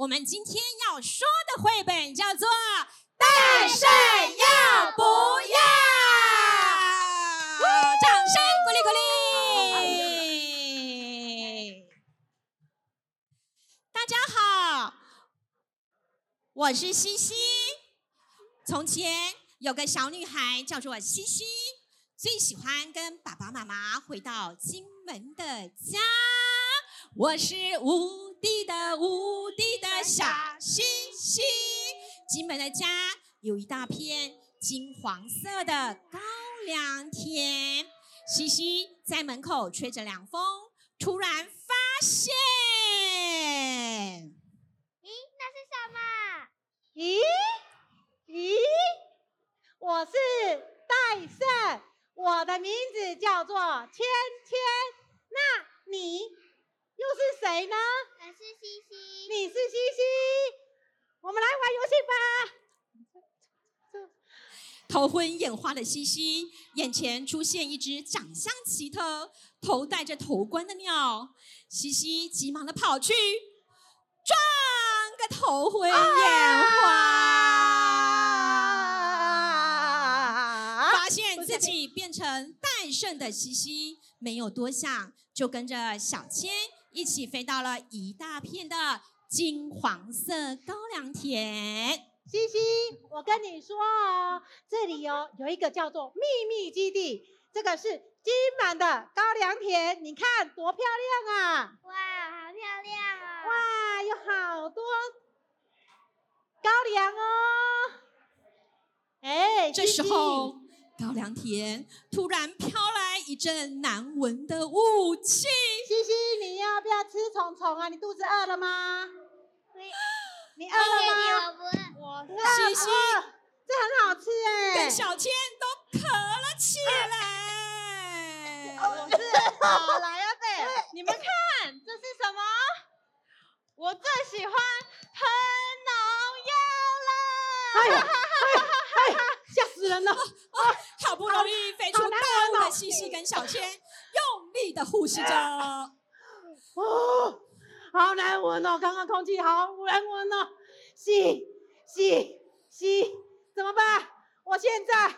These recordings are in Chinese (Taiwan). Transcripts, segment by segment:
我們今天要說的繪本叫做《戴勝要不藥》。Uh-huh, 掌聲，鼓勵，鼓勵！大家好，我是西西。從前有個小女孩叫做西西，最喜歡跟爸爸媽媽回到金門的家。我是無地的無敵的小星星，金門的家有一大片金黃色的高粱田，嘻嘻在門口吹着涼風，突然發現，咦，那是什麼？咦咦，我是戴勝，我的名字叫做天天，那你？又是誰呢？還是西西，你是西西，我們來玩遊戲吧。頭昏眼花的西西，眼前出現一隻長相奇特、頭戴着頭冠的鳥。西西急忙的跑去，撞個頭昏眼花，啊、發現自己變成戴勝的西西，沒有多想，就跟着小千，一起飛到了一大片的金黃色高粱田，西西，我跟你說哦，這裡哦有一個叫做秘密基地，這個是金門的高粱田，你看多漂亮啊！哇，好漂亮啊，哦！哇，有好多高粱哦！哎，這時候。高粱田突然飄來一陣難聞的霧氣。西西，你要不要吃蟲蟲啊？你肚子餓了嗎？你，你餓了嗎？我不的餓。西西，啊哦，這很好吃哎！跟小千都咳了起來。啊、我是 好來又唄你們看這是什麼？我最喜歡噴農藥了。哎呀哎哎！嚇死人了！ 西西跟小千用力的呼吸着， 哦，好難聞哦！剛剛空氣好難聞哦，吸吸吸，怎麼辦？我現在頭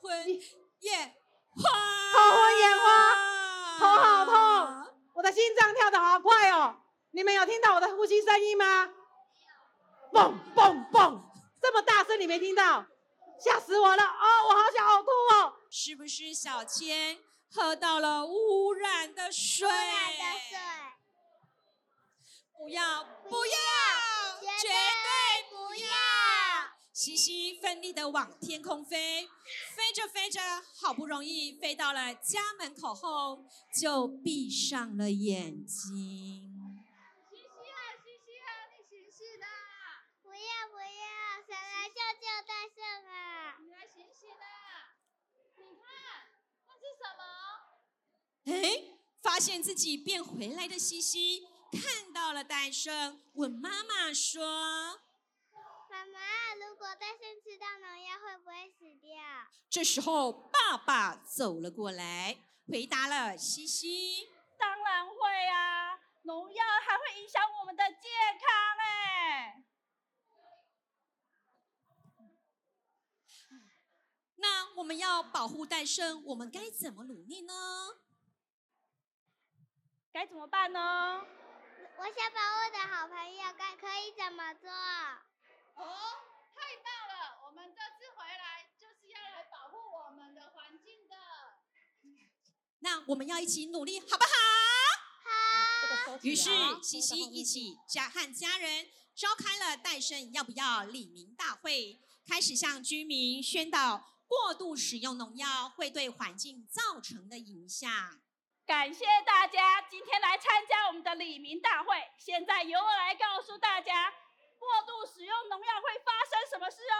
昏，頭昏眼花，頭昏眼花，頭好痛，啊、我的心臟跳得好快哦！你們有聽到我的呼吸聲音嗎？蹦蹦蹦，這麼大聲你沒聽到？嚇死我了！啊、哦，我好想嘔吐哦！是不是小千喝到了污染的水？不要不要，不要不要絕對不要！西西要奮力的往天空飛，飛着飛着，好不容易飛到了家門口後，就閉上了眼睛。哎，發現自己變回來的西西看到了戴勝，問媽媽說：“媽媽，如果戴勝吃到農藥，會不會死掉？”這時候，爸爸走了過來，回答了西西：“當然會啊，農藥還會影響我們的健康嘞。”哎，那我們要保護戴勝，我們該怎麼努力呢？該怎麼辦呢？我想把我的好朋友，該可以怎麼做？哦，太棒了！我們這次回來就是要來保護我們的環境的。那我們要一起努力，好不好？好。啊這個哦、於是、哦、西西一起家和家人召開了戴勝要不藥里民大會，開始向居民宣導過度使用農藥會對環境造成的影響。感謝大家今天來參加我們的里民大會。現在由我來告訴大家，過度使用農藥會發生什麼事哦？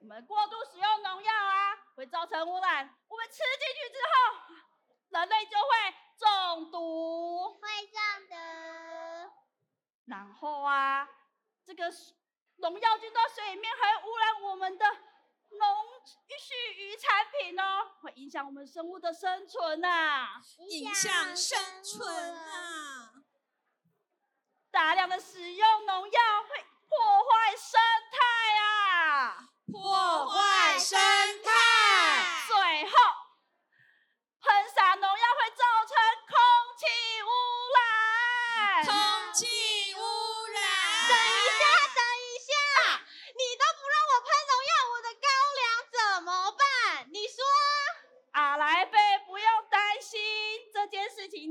我們過度使用農藥啊，會造成污染。我們吃進去之後，人類就會中毒，會這樣的。然後啊，這個農藥進到水裡面，還污染我們的農畜漁產品哦。影響我們生物的生存吶，影響生存啊，大量的使用農藥會破壞生態啊，破壞生態。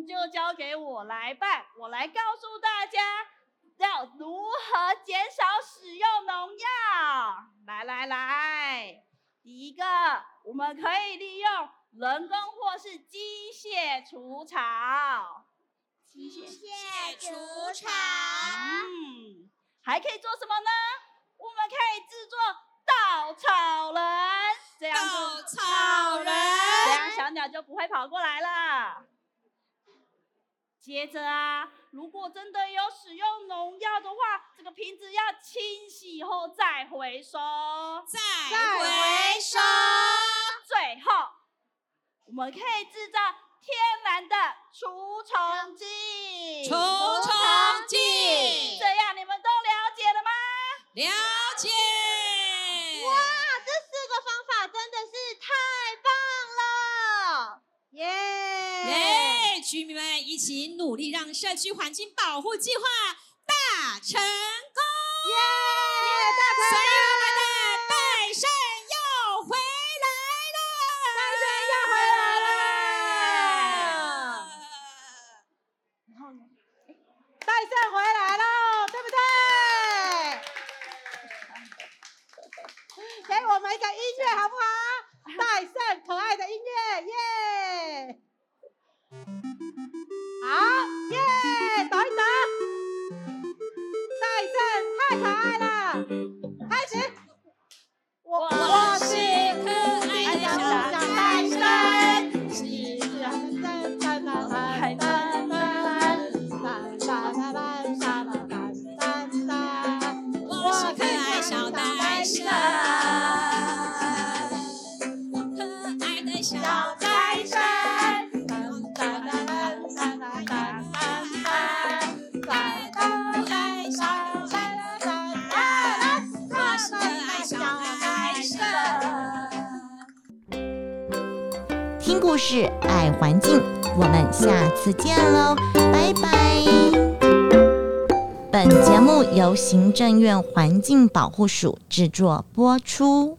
就交給我來辦，我來告訴大家要如何減少使用農藥。來來來，來第一個我們可以利用人工或是機械除草。機械除草。嗯，還可以做什麼呢？我們可以制作稻草人，這樣稻草人，這樣小鳥就不會跑過來了。接着啊，如果真的有使用農藥的話，這個瓶子要清洗後再回收，再回收。回收。最後，我們可以製造天然的除蟲劑。除蟲。社區環境保護計劃大成功，yeah, yeah, 所以我們的戴勝要回來了，戴勝要回來了，然後呢？戴勝回來了，對不對？ 給我們一個音樂好不好？戴勝可愛的音樂，耶、yeah！開始，我我是可愛笑。哎呀聽故事，愛環境，我們下次見嘍，拜拜。本節目由行政院環境保護署製作播出。